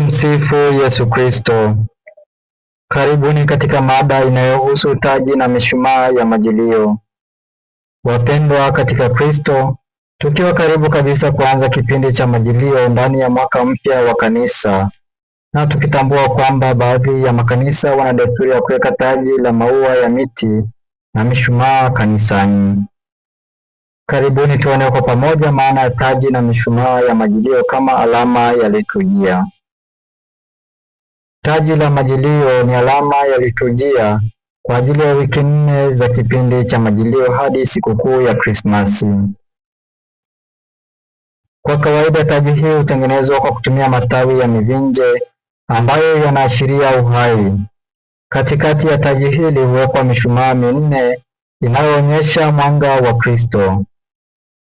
Tumsifu Yesu Kristo. Karibuni katika mada inayohusu taji na mishumaa ya majilio. Wapendwa katika Kristo, tukiwa karibu kabisa kuanza kipindi cha majilio ndani ya mwaka mpya wa kanisa na tukitambua kwamba baadhi ya makanisa wana desturi ya kuweka taji la maua ya miti na mishumaa kanisani. Karibuni tuone kwa pamoja maana ya taji na mishumaa ya majilio kama alama ya liturujia. Taji la Majilio ni alama ya liturujia kwa ajili ya wiki nne za kipindi cha Majilio hadi sikukuu ya Krismasi. Kwa kawaida, taji hii hutengenezwa kwa kutumia matawi ya mivinje ambayo yanaashiria uhai. Katikati ya taji hili huwekwa mishumaa minne inayoonyesha mwanga wa Kristo.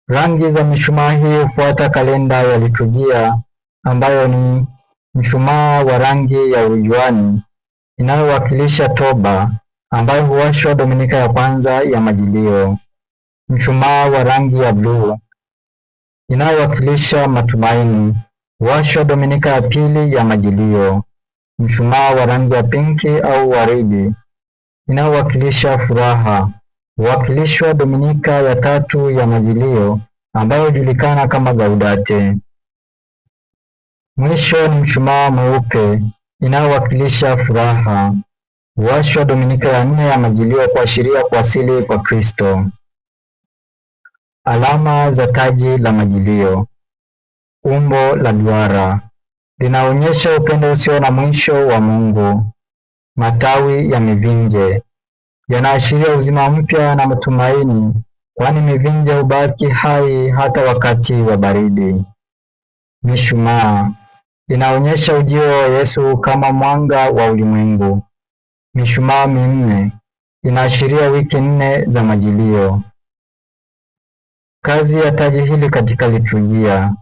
Rangi za mishumaa hii hufuata kalenda ya liturujia ambayo ni Mshumaa wa rangi ya urujuani inayowakilisha toba ambayo huwashwa Dominika ya kwanza ya Majilio. Mshumaa wa rangi ya bluu inayowakilisha matumaini huwashwa Dominika ya pili ya Majilio. Mshumaa wa rangi ya pinki au waridi inayowakilisha furaha huwakilishwa Dominika ya tatu ya Majilio ambayo hujulikana kama Gaudete. Mwisho ni mshumaa mweupe inayowakilisha furaha. Huwashwa Dominika ya nne ya Majilio kuashiria kuasili kwa Kristo. Alama za taji la Majilio. Umbo la duara linaonyesha upendo usio na mwisho wa Mungu. Matawi ya mivinje yanaashiria uzima mpya na matumaini, kwani mivinje hubaki hai hata wakati wa baridi. Mishumaa Inaonyesha ujio wa Yesu kama mwanga wa ulimwengu. Mishumaa minne inaashiria wiki nne za majilio. Kazi ya taji hili katika liturujia.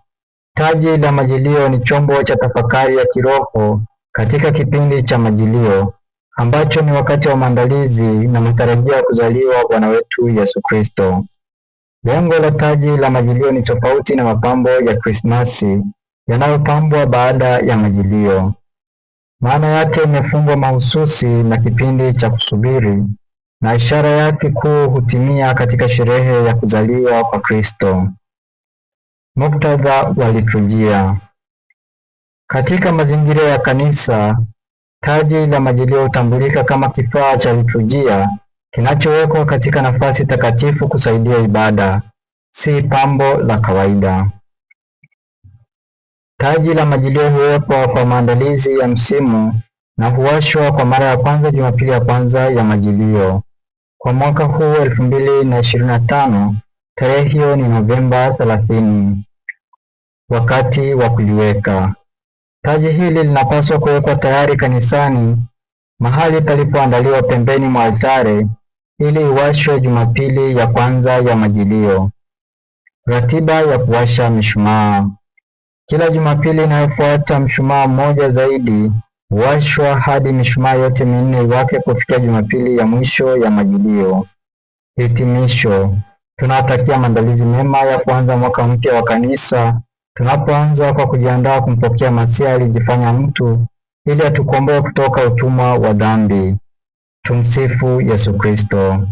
Taji la majilio ni chombo cha tafakari ya kiroho katika kipindi cha majilio ambacho ni wakati wa maandalizi na matarajio ya kuzaliwa Bwana wetu Yesu Kristo. Lengo la taji la majilio ni tofauti na mapambo ya Krismasi yanayopambwa baada ya majilio. Maana yake imefungwa mahususi na kipindi cha kusubiri, na ishara yake kuu hutimia katika sherehe ya kuzaliwa kwa Kristo. Muktadha wa liturujia. Katika mazingira ya kanisa, taji la majilio hutambulika kama kifaa cha liturujia kinachowekwa katika nafasi takatifu kusaidia ibada, si pambo la kawaida. Taji la Majilio huwekwa kwa maandalizi ya msimu na huwashwa kwa mara ya kwanza Jumapili ya kwanza ya Majilio. Kwa mwaka huu elfu mbili na ishirini na tano, tarehe hiyo ni Novemba thelathini. Wakati wa kuliweka taji hili linapaswa kuwekwa tayari kanisani, mahali palipoandaliwa pembeni mwa altare, ili iwashwe Jumapili ya kwanza ya Majilio. Ratiba ya kuwasha mishumaa kila Jumapili inayofuata mshumaa mmoja zaidi huwashwa hadi mishumaa yote minne iwake kufikia Jumapili ya mwisho ya Majilio. Hitimisho. Tunawatakia maandalizi mema ya kuanza mwaka mpya wa Kanisa, tunapoanza kwa kujiandaa kumpokea Masihi alijifanya mtu ili atukomboe kutoka utumwa wa dhambi. Tumsifu Yesu Kristo.